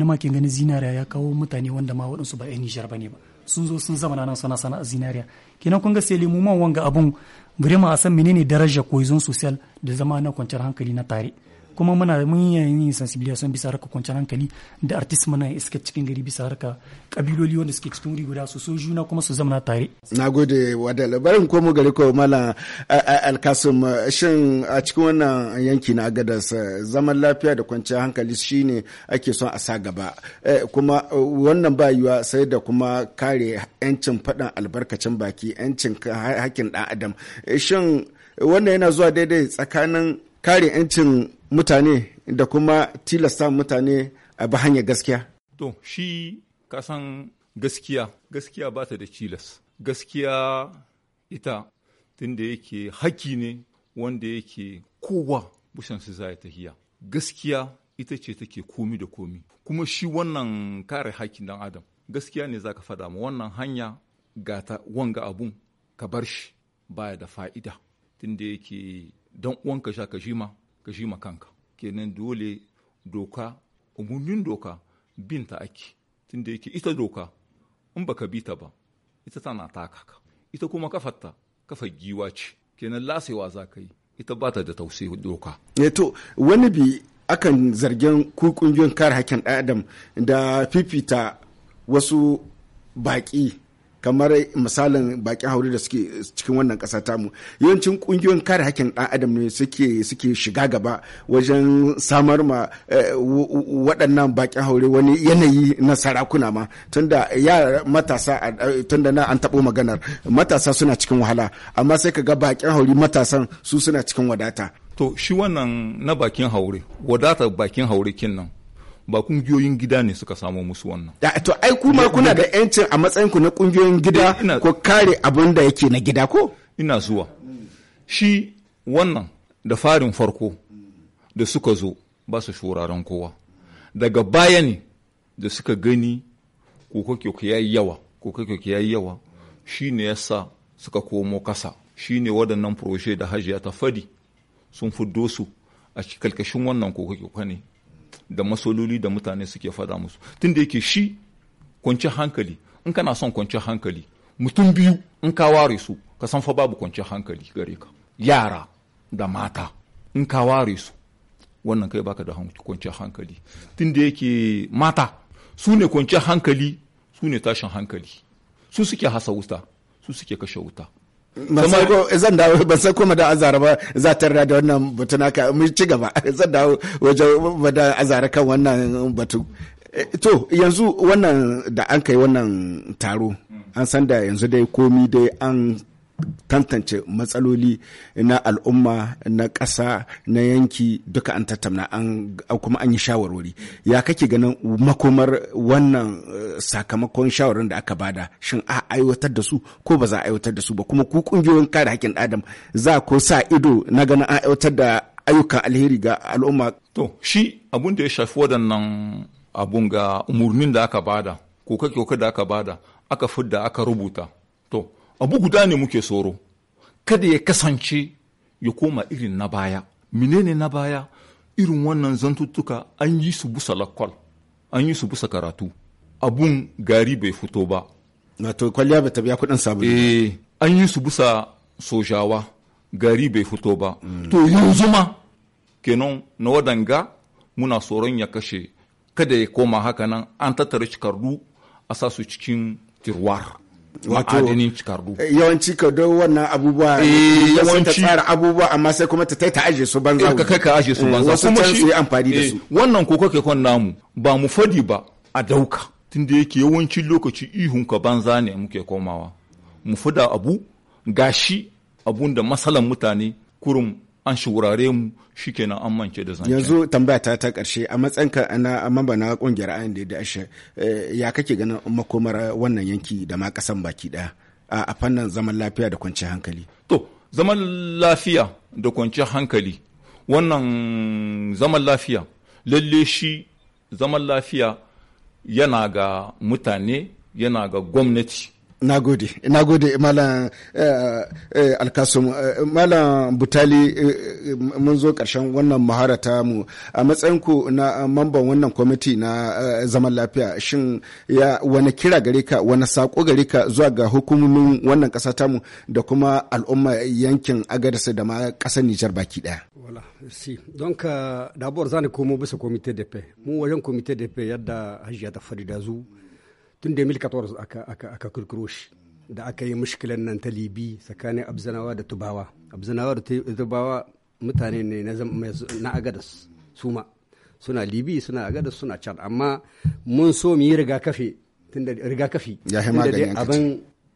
ma kin ganin zinariya ya kawo mutane wanda ma waɗansu ba 'yan nijar ba ne ba sun zo sun zama nan suna sana'ar zinariya kenan kun ga sai limuman wanga abun gare a san menene darajar cohesion social da zama na kwanciyar hankali na tare kuma muna mun yayin sensibilisation bisa harka kwanciyar hankali da artist muna iska cikin gari bisa harka kabiloli wanda suke cikin wuri guda su so juna kuma su zamana tare na gode wadal barin komo gari ko malam alkasum shin a cikin wannan yanki na gadas zaman lafiya da kwanciyar hankali shine ake son a sa gaba eh, kuma wannan ba yiwa sai da kuma kare 'yancin faɗan albarkacin baki 'yancin hakkin ɗan adam eh, shin wannan yana zuwa daidai tsakanin kare 'yancin mutane da kuma tilasta mutane a bi hanyar gaskiya? To, shi kasan gaskiya, gaskiya ba ta da tilas. Gaskiya ita tun da yake haki ne wanda yake kowa su za ta tahiya. Gaskiya ita ce take komi da komi. Kuma shi wannan kare hakin dan Adam, gaskiya ne za ka faɗa ma wannan hanya ta wanga abun ka bar shi baya da fa'ida. tun da yake don uwanka sha ka ma. ka shi kanka kenan dole doka umurnin doka binta ake tunda yake ita doka in baka bi ta ba ita tana taka ka ita kuma kafarta kafar giwa ce kenan lasewa za ka yi ita ba ta da tausayi doka e to wani bi akan zargin ku kungiyoyin kare hakkin adam da fifita wasu baƙi kamar misalin bakin haure da suke cikin wannan ƙasa tamu yawancin ƙungiyoyin kare hakkin ɗan adam ne suke suke shiga gaba wajen samar ma eh, waɗannan bakin haure wani yanayi na sarakuna ma tunda ya matasa tunda na an taɓo maganar matasa suna cikin wahala amma sai ka ga bakin haure matasan su suna cikin wadata to shi wannan na bakin haure wadatar bakin haure kin nan ba kungiyoyin gida ne suka samo musu wannan da to ai kuma kuna da yancin a matsayin ku na kungiyoyin gida eh, ko kare abin da yake na gida ko ina zuwa shi wannan da farin farko da suka zo ba su shuraren kowa daga baya ne da suka gani kokoki yayi yawa kokoki ya yi yawa shi ne ya sa suka komo kasa shi ne waɗannan furoshe da hajiya ta fadi sun fuddo su a kalkashin wannan kokoki ne da masololi da mutane suke fada musu tun da yake shi kwanciyar hankali in kana son kwanciyar hankali mutum biyu in ka ware su ka san fa babu kwanciyar hankali gare ka yara da mata in ka ware su wannan kai baka da kwanciyar hankali tun da yake mata su ne kwanciyar hankali su ne tashin hankali su suke hasa wuta su suke kashe wuta zan dawo ban san kuma da azara ba za ta da wannan batu naka mu ci gaba zan dawo ba da azara kan wannan batu eh, to yanzu wannan da an kai wannan taro an san da yanzu dai komi dai an tantance matsaloli na al'umma na ƙasa na yanki duka an tattauna an kuma an yi shawarwari ya kake ganin makomar wannan eh, sakamakon shawarar da aka bada shin a aiwatar da su ko ba za a aiwatar da su ba kuma ku kungiyoyin kare haƙƙin adam za ko sa ido na ganin an aiwatar da ayyukan alheri ga al'umma to shi abun da ya shafi waɗannan abun ga umurnin da aka bada ko kake da aka bada aka fidda aka rubuta to abu guda ne muke tsoro kada ya kasance ya koma irin na baya menene na baya irin wannan zantuttuka an yi su busa lakwal an yi su busa karatu abun gari bai fito ba na to kwalliya ba ta biya kudin sabulu eh an yi su busa sojawa gari bai fito ba to yanzu ma kenan na wadanga muna tsoron ya kashe kada ya koma haka nan an tattara cikardu a sa su cikin tirwar wato cikardu eh, yawanci ka don wannan abubuwa eh, yawanci ta tsara abubuwa amma sai kuma ta tai ta aje su banza eh, ka kai ka aje su banza wasu can su yi amfani da su wannan ko kake kon namu ba mu fadi ba a dauka tunda yake yawancin lokaci ihun ka banza ne muke komawa mu fada abu gashi abun da masalan mutane kurum an shurare mu shi kenan an mance da zancen yanzu tambaya ta ta karshe a matsayinka na mamba na kungiyar ayin da ashe eh, ya kake ganin makomar wannan yanki da ma kasan baki daya a fannin zaman lafiya da kwanciyar hankali to zaman lafiya da kwanciyar hankali wannan zaman lafiya lalle shi zaman lafiya yana ga mutane yana ga gwamnati na gode na gode malam eh, eh, alkasum eh, malam butali mun zo karshen wannan mahara ta mu a matsayinku na mamban wannan kwamiti na zaman lafiya shin ya wani kira gare ka wani sako gare ka zuwa ga hukumomin wannan kasa mu da kuma al'umma yankin agadas da ma kasar nijar baki daya wala si don ka euh, dabuwar zani komo bisa komite da mu wajen komite da yadda hajiya ta farida zu tun da milka aka aka kirkiro shi da aka yi mushkilan nan ta libi tsakanin abzanawa da tubawa abzanawa da tubawa mutane ne na agadas suma suna libi suna agadas suna chad amma mun so mu yi rigakafi tun da rigakafi abin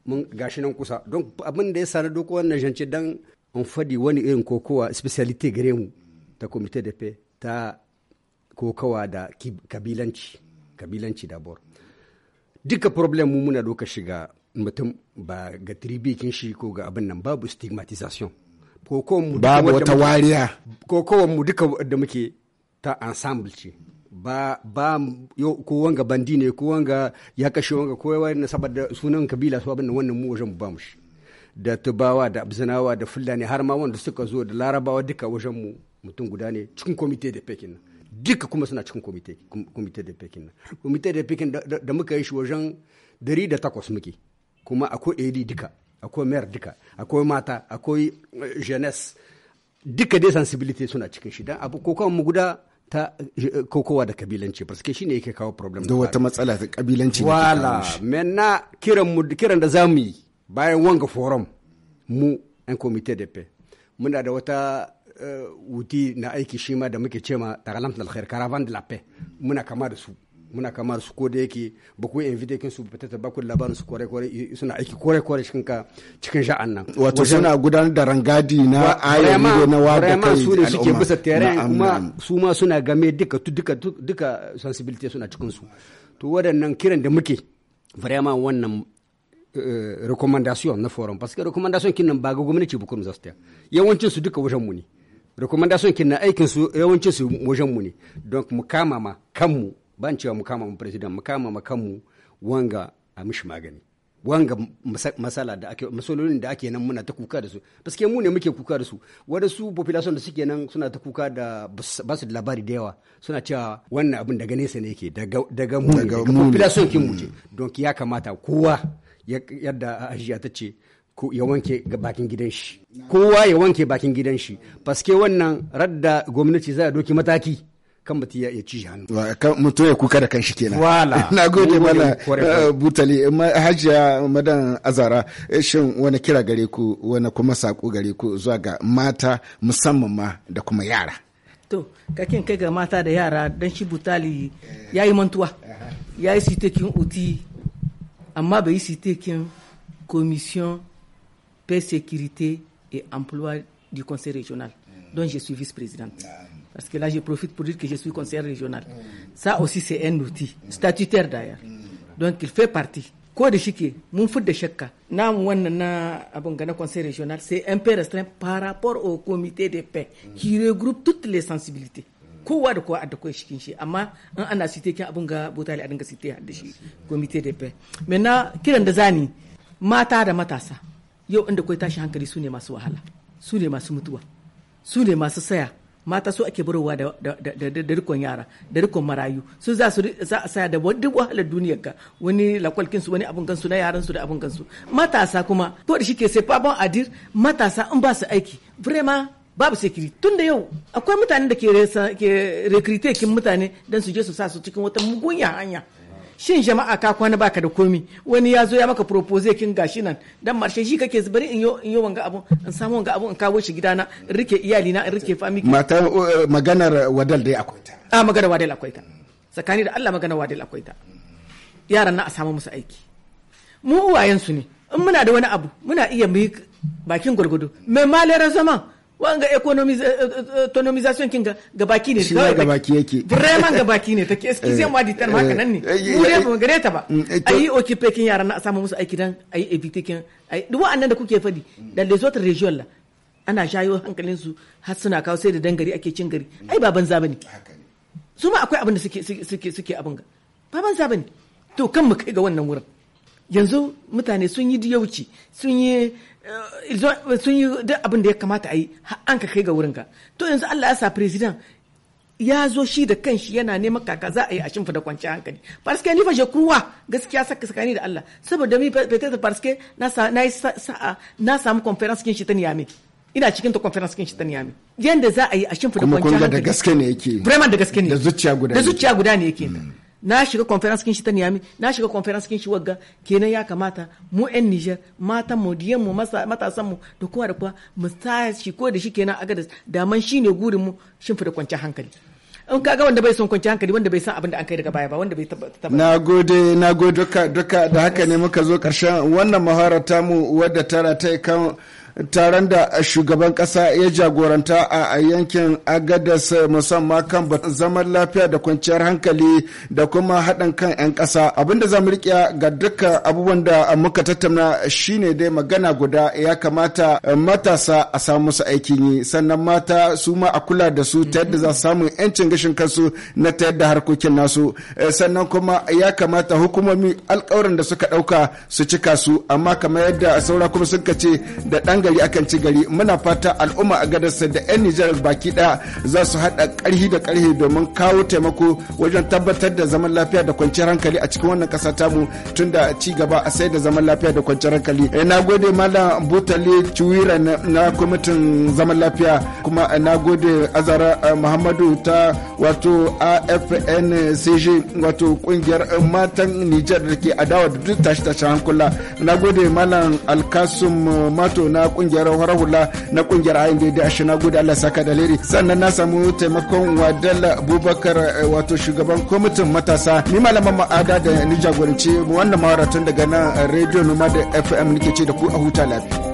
mun gashi nan kusa don abin da ya sani duk wannan jance dan an fadi wani irin kokowa speciality gare mu ta komite de paix ta kokowa da kabilanci kabilanci dabor duka problem mu muna doka shiga mutum ba ga tribikin shi ko ga abin nan babu stigmatization mu babu wata wariya kokowar mu duka da muke ta ensemble ce ba ba ko wanga bandi ne ko wanga ya kashe wanga ko wani saboda sunan kabila su abin wannan mu wajen ba mu shi da tubawa da abzanawa da fulani har ma wanda suka zo da larabawa duka wajen mu mutum guda ne cikin komite da pekin nan duka kuma suna cikin komite da pekin nan komite da pekin da muka yi shi wajen dari da takwas muke kuma akwai ad duka akwai mayar duka akwai mata akwai eh, jeunesse duka dai sensibility suna cikin shi dan abu ko mu guda ta eh, kokowa da kabilanci parce shi ne yake kawo problem da wata matsala ta kabilanci wala menna kiran mu kiran da zamu yi bayan wanga forum mu en comité de paix muna da wata Eh, wuti na aiki shi ma da muke ce ma tagalam alkhair caravan de la paix muna kama da su muna kama da su ko da yake ba ku invite kin su fitata ba ku labarin su kore kore suna aiki kore kore cikin ka cikin sha'an nan wato suna gudanar da rangadi na ayyuka na wada kai su ne suke bisa terrain kuma su ma suna game duka duka duka sensibility suna cikin su to waɗannan kiran da muke vraiment wannan eh, recommandation na forum parce que recommandation kin nan ba ga gwamnati ba kuma za ta yawancin su duka wajen mu ne recommendation kin na aikin su yawanci su wajen mu ne don mu kama ma kanmu ban cewa mu kama mu president mu kama ma kanmu wanga a mishi magani wanga masala da ake masalolin da ake nan muna ta kuka da su baske mu ne muke kuka da su wanda su population da suke nan suna ta kuka da ba su da labari da yawa suna cewa wannan abin daga nesa ne yake daga mu ne daga population kin mu ce don ya kamata kowa yadda ajiya ta ce ko ya wanke bakin gidan shi kowa ya wanke bakin gidan shi paske wannan radda gwamnati za a doki mataki kan mutum ya ci hannu. mutum ya kuka da kan shi kenan. Wala. Na gode mana eh, butali hajiya madan azara eh, shin wani kira gare ku wani kuma sako gare ku zuwa ga mata musamman ma da kuma yara. To kakin kai ga mata da yara dan shi butali ya yi mantuwa ya yi sitekin uti amma bai yi sitekin commission paix, sécurité et emploi du conseil régional, mm. dont je suis vice-présidente. Mm. Parce que là, je profite pour dire que je suis conseil régional. Mm. Ça aussi, c'est un outil, statutaire d'ailleurs. Donc, il fait partie. Quoi de shike Mon foot de chèque, wannan na na conseil régional c'est un peu restreint par rapport au comité de paix qui regroupe toutes les sensibilités Quoi de quoi, de quoi cité a comité de paix maintenant kiran da zani mata de matasa yau inda kai tashi hankali su ne masu wahala su ne masu mutuwa su ne masu saya mata su ake barowa da, da, rikon yara da rikon marayu su za su za a saya da duk wahalar duniyar ka wani lakwalkin su wani abun kansu na yaran su da abun kansu matasa kuma to da shike sai faban adir matasa in ba su aiki vraiment babu security tun da yau akwai mutanen da ke kin mutane dan su je su sa su cikin wata mugunya hanya shin jama'a ka kwana baka da komi wani ya zo ya maka propose kin gashi nan dan marshe shi kake bari in yo in yo wanga abu in samu wanga abu in kawo shi gidana in rike iyali na in rike family mata uh, maganar wadal dai akwai ta a ah, maganar wadal akwai ta tsakani da Allah maganar wadal akwai ta yaran na a samu musu aiki mu uwayen su ne in muna da wani abu muna iya mu bakin gurgudu mai malaran zaman wanga eh, eh, eh, autonomisation kinga gabaki ne shi gabaki yake vraiment gabaki ne take excusez moi dit tellement haka nan ne mu ba gare ta ba mm, ayi occuper kin yaran na samu musu aiki dan ayi evite kin ayi duk wannan da kuke fadi dan les autres régions la ana jayo hankalin su har suna kawo sai da dangari ake cin gari ai ba banza bane su ma akwai abin da suke suke suke abin ga ba banza bane to kan mu kai ga wannan wurin yanzu mutane sun yi diyauci sun yi Eh, sun yi duk abin da ya kamata a yi an ka kai ga wurinka to yanzu Allah ya sa president ya zo shi da kanshi yana neman kaka za a yi a shimfa da kwanciyar hankali farske ni fashe kowa gaskiya saka sakani da Allah saboda mi petete farske na na sa'a na samu conference kin shi ta niyami ina cikin ta conference kin shi ta niyami yanda za a yi a shimfa da kwanciyar hankali kuma kun da gaske ne yake vraiment da gaske ne da zuciya guda ne yake na shiga conference kin shi ta niyami na shiga conference kin shi wagga kenan ya kamata mu yan Niger matan mu diyan mu matasan mu da kowa da kowa mu shi ko da shi kenan aga da man shine gurin mu shin fi da kwanciyar hankali in ka ga wanda bai son kwanciyar hankali wanda bai san abin da an kai daga baya ba wanda bai tabbata na gode na gode duka duka da haka ne muka zo karshen wannan mahara mu wadda tara ta kan taron da shugaban kasa ya jagoranta a yankin agadas musamman kan zaman lafiya da kwanciyar hankali da kuma haɗin kan 'yan kasa abinda za mu riƙe ga duka abubuwan da muka tattauna shine dai magana guda ya kamata matasa a samu su aikin yi sannan mata su ma a kula da su ta yadda za su samu 'yancin gashin kansu na ta yadda harkokin nasu eh, sannan kuma ya kamata hukumomi alkawarin da suka ɗauka su cika su amma kamar yadda saura kuma suka ce da ɗan gari akan ci gari muna fata al'umma a gadarsa da 'yan nijar baki daya za su haɗa ƙarhi da ƙarhi domin kawo taimako wajen tabbatar da zaman lafiya da kwanciyar hankali a cikin wannan ƙasa tamu tun da ci gaba a sai da zaman lafiya da kwanciyar hankali eh, na gode malam butali ciwira na kwamitin zaman lafiya kuma eh, na gode azara eh, muhammadu ta wato afncg wato kungiyar matan nijar da ke adawa da duk tashi tashin hankula na gode malam alkasum mato na kungiyar horar hula na kungiyar ayin da a shi na gode Allah saka da leri sannan na samu taimakon wadala abubakar eh, wato shugaban kwamitin matasa ni malaman ma'ada da ni jagoranci wannan mawara daga nan eh, radio da fm nike ce da ku a huta lafiya.